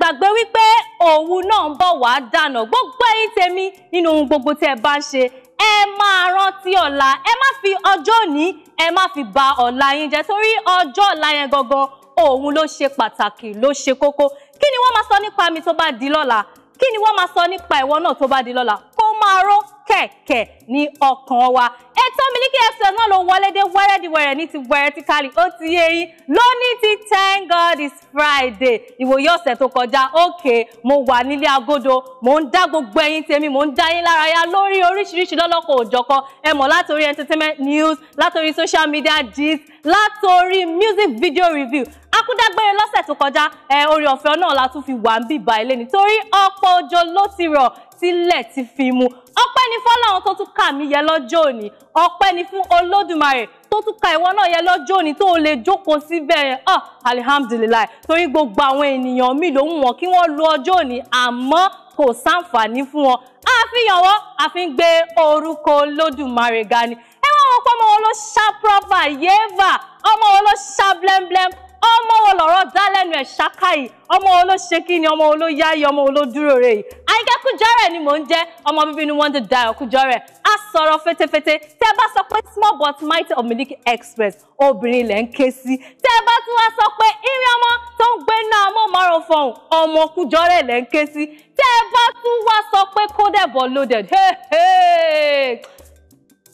gbàgbé wípé òun náà ń bọ̀ wá dànà gbogbo ẹ̀yin tèmi nínú ohun gbogbo tí ẹ bá ń ṣe ẹ máa rántí ọ̀la ẹ má fi ọjọ́ òní ẹ má fi ba ọ̀la yín jẹ́ torí ọjọ́ ọ̀la yẹn gangan òun ló ṣe pàtàkì ló ṣe kókó kí ni wọ́n máa sọ nípa mi tó bá di lọ́la kí ni wọ́n máa sọ nípa ìwọ náà tó bá di lọ́la kó máa ró kẹ̀kẹ̀ ní ọkàn wa ètò Miliki Express náà ló wọlé dé wẹ́rẹ́díwẹ́rẹ́ ní ti wẹ́rẹ́tíkálì ó ti yé yín lónìí ti thank God it's Friday ìwòye ọ̀sẹ̀ tó kọjá òkè mo wà nílé agodo mo ń dá gbogbo ẹyin tèmi mo ń dá yín lárayá lórí oríṣiríṣi lọ́lọ́kọ̀ òjọ̀kan ẹ mọ̀ látòrí entertainment news látòrí social media gist látòrí music video review akúdágbére lọ́sẹ̀ tó kọjá orí ọ̀fẹ́ náà la tún fi wà ń bíbá ilé nítorí ọ̀pọ̀ òjò ló ti rọ̀ tílẹ̀ ti fi mu ọpẹ́ ni fọ́lọ́run tó tún kà mí yẹ lọ́jọ́ òní ọpẹ́ ni fún olódùmarè tó tún ka ìwọ náà yẹ lọ́jọ́ òní tó lè jókòó síbẹ̀ yẹn ọ alihamdulilayi torí gbogbo àwọn ènìyàn mi ló ń wọ̀n kí wọ́n lo ọjọ́ òní àmọ́ kò sáǹfààní fún wọn àfihàn wọn àfi ń gbé orúkọ olódùmarè ga ni ẹ wá wọn pọ́ ọmọ wọn ló ṣá prọ́fà yéèvà ọmọ wọn ló ṣá blẹ́mblẹ́m ọmọ wo lọ̀rọ̀ dá lẹ́nu ẹ̀ ṣáká yìí ọmọ wo ló ṣe kí ni ọmọ wo ló yá ọmọ wo ló dúró rè yìí Àyìnkẹ́ Kújọ́rẹ̀ ni mò ń jẹ́ ọmọ bíbí ni wọ́n ti da ẹ̀ Kújọ́rẹ̀ á sọ̀rọ̀ fetefete tẹ́ bá sọ pé small but mighty of Miliki Express obìnrin ilẹ̀ ń ké sí tẹ́ bá tún wá sọ pé irin ọmọ tó ń gbé náà mọ́ márùn fọhùn ọmọ Kújọ́rẹ̀ ilẹ̀ ń ké sí tẹ́ bá tún wá sọ pé kódẹ̀bọ̀ loaded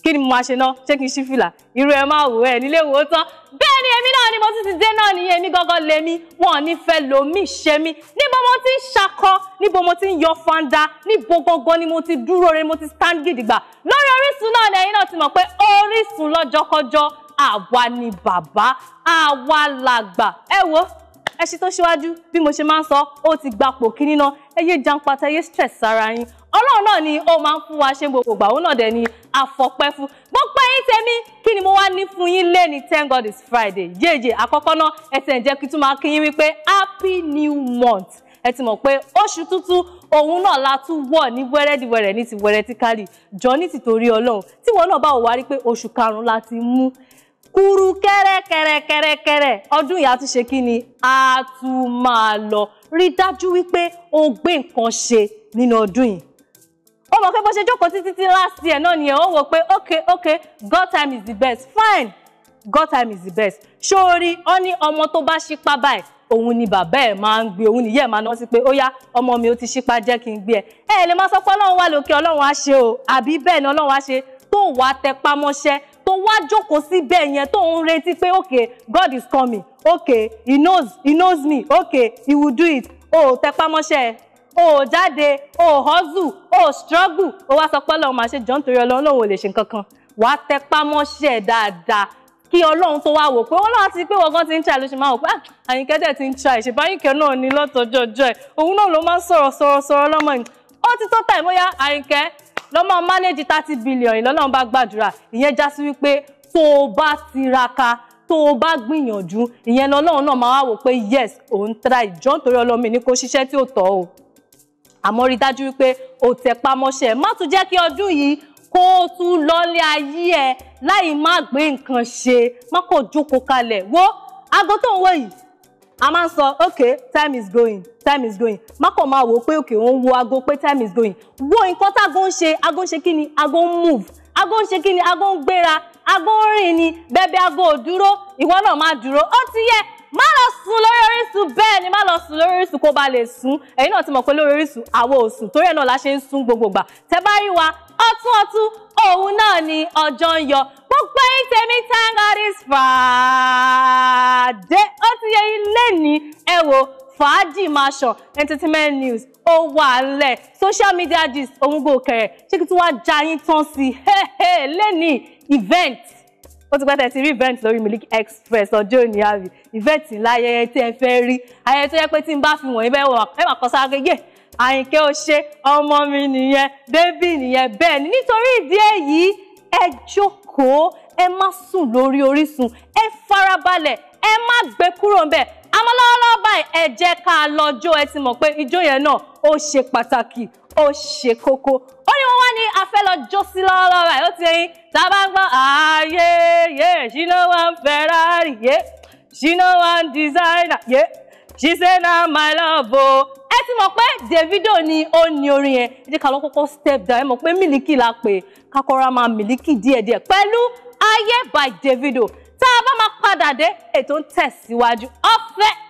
kí ni mo máa ṣe náà ṣé kí n ṣí fìlà irú ẹ máa wò ẹ nílé wò ó tán b èmi náà ni mo tún ti dé náà nìyẹn èmi gangan lèmi wọn ò ní fẹ́ lomi ṣe mí níbo mo ti ń ṣakọ níbo mo ti ń yọ fanda níbo gangan ni mo ti dúró re mo ti stand gidigba lórí Orísun náà lẹ́yìn náà ti mọ̀ pé Orísun lọ́jọ́kọ́jọ́ àwa ni bàbá àwa làgbà ẹ wo ẹṣin tó ṣíwájú bí mo ṣe máa ń sọ ó ti gbapò kí níná ẹ yé jàǹpátá ẹ yé stress sára yín ọlọ́run náà ni ó máa ń fún wa ṣe gbogbo ìgbà òun náà dẹ̀ ni àfọpẹ́ fún gbogbo ẹ̀yin tèmi kí ni mo wá ní fún yín lé ní thank god is friday jẹ́jẹ́ àkọ́kọ́ náà ẹsẹ̀ ń jẹ́ kí tún máa kí yín wípé happy new month ẹ ti mọ̀ pé oṣù tuntun òun náà la tún wọ̀ ní wẹ́rẹ́díwẹ̀rẹ̀ ní ti wẹ́rẹ́tíkálì jọ ní tìtorí ọlọ́run tí wọn náà bá wò wá rí pé oṣù karùn-ún la ti mú kúrú kẹ́rẹ́kẹ́rẹ́kẹ́rẹ́kẹ́rẹ́ ọdún yìí tún ṣe kí ni a tún máa lọ rí dájú wípé o gbé nǹkan ṣe nínú ọdún yìí ó mọ̀ pé bó ṣe jókòó títí tí last year náà nìyẹn ó wò pé okay okay God time is the best fine God time is the best ṣóorí ó ní ọmọ tó bá ṣípá báyìí òun ni bàbá ẹ̀ máa ń gbé òun nìyẹ́ ẹ̀ máa náà sí pé ó yá ọmọ mi ó ti ṣípá jẹ́ kí n gbé ẹ̀ ẹ̀ lè máa sọ pé ọlọ́run wà lókè ọlọ́run á ṣe o àbí bẹ́ẹ̀ ni ọlọ́run á ṣe tó wàá tẹpá mọ́ṣẹ́ tó wá jókòó síbẹ̀ yẹn tó ń retí pé okay God is coming okay he knows he knows me okay he will do it o tẹpá mọ́ṣẹ́ o jáde o hustle o struggle o wá sọ pé ọlọ́run máa ṣe jọ́ nítorí ọlọ́run lòun ò lè ṣe nǹkan kan wà á tẹpá mọ́ṣẹ́ dáadáa kí ọlọ́run tó wá wò pé ọlọ́run àti pé wọ́gán ti ń try ló ṣe máa wò pé ah, àyìnkẹ́ dẹ̀ ti ń try ṣe báyìnkẹ́ náà ní lọ́tọ̀ọ́jọ́ ọjọ́ ẹ̀ òun náà ló máa ń sọ̀rọ̀ sọ̀rọ̀ sọ̀rọ̀ lọ́mọ yìí ó ti tó tàì bóyá àyìnkẹ́ lọ́mọ manage thirty billion ìlọ́lọ́run bá gbàdúrà ìyẹn já sí wípé tó o bá tiraka tó o bá gbìyànjú ìyẹn lọ́lọ́run náà máa wá wò pé yes òun try John nítorí ọlọ́mọ ní kó ṣiṣẹ́ tí ò tọ́ o àmọ́ rí dájú wípé o tẹpá mọ́ṣẹ́ má tún jẹ́ kí ọdún yìí kó o tún lọ́lé ayé ẹ láì má gbé nǹkan ṣe má kò jókòó kalẹ̀ wo aago tó ń wò yìí a máa ń sọ ok time is going time is going má kàn máa wò ó pé ok òun wo aago pé time is going wo nǹkan táago ń ṣe aago ń ṣe kí ni aago ń move aago ń ṣe kí ni aago ń gbéra aago ń rìn ni bẹ́ẹ̀ bí aago ò dúró ìwọ náà má dúró ó ti yẹ má lọ sùn lórí Orísun bẹ́ẹ̀ ni má lọ sùn lórí Orísun kó ba lè sùn ẹ̀yin náà ti mọ̀ pé lórí Orísun àwo òsùn torí ẹ̀ náà la ṣe ń sùn gbogbogbà tẹ́ bá rí wa ọtún ọtún òun náà ni ọjọ́ ń yọ gbogbo ẹ̀yin tèmi tangaris fàdé ó ti yẹ ilé ní ẹ wo fàájì máa ṣàn entertainment news ó wà ńlẹ̀ social media gist òun gòkèrè ṣé kí tí wàá já yín tán sí i lẹ́nìí event ó ti pẹ́ tẹ̀ ti rí event lórí Miliki Express ọjọ́ òní àbí event ńlá ayẹyẹ tí ẹ fẹ́ rí ayẹyẹ tó yẹ pé tí n bá fi wọ̀nyí bẹ́ẹ̀ wà ẹ wà kọ́ sáré yẹ Àyìnkẹ́ ó ṣe ọmọ mi nìyẹn bébì nìyẹn bẹ́ẹ̀ ni nítorí ìdí èyí ẹ jókòó ẹ má sùn lórí Orísun ẹ farabalẹ̀ ẹ má gbé kúrò ń bẹ̀ àmọ́ lọ́wọ́lọ́wọ́ báyìí ẹ jẹ́ ká lọ́jọ́ ẹ ti mọ̀ pé ijó yẹn náà ó ṣe pàtàkì ó ṣe kókó ó ní wọn wá ní afẹ́ lọ jó sí lọ́wọ́lọ́wọ́ ẹ̀ ó ti ẹyin tá a bá ń gbọ́ ààyè yé she no wan Ferrari yé she no wan designer yé she say na my love o ẹ ti mọ̀ pé Davido ni ó ní orin yẹn ẹ jẹ́ ká lọ kọ́kọ́ step down ẹ mọ̀ pé mílíkì la pè kakọ́ra máa mílíkì díẹ̀díẹ̀ pẹ̀lú ayé by Davido tá a bá máa padà dé ètò ń tẹ̀síwájú ọ̀fẹ́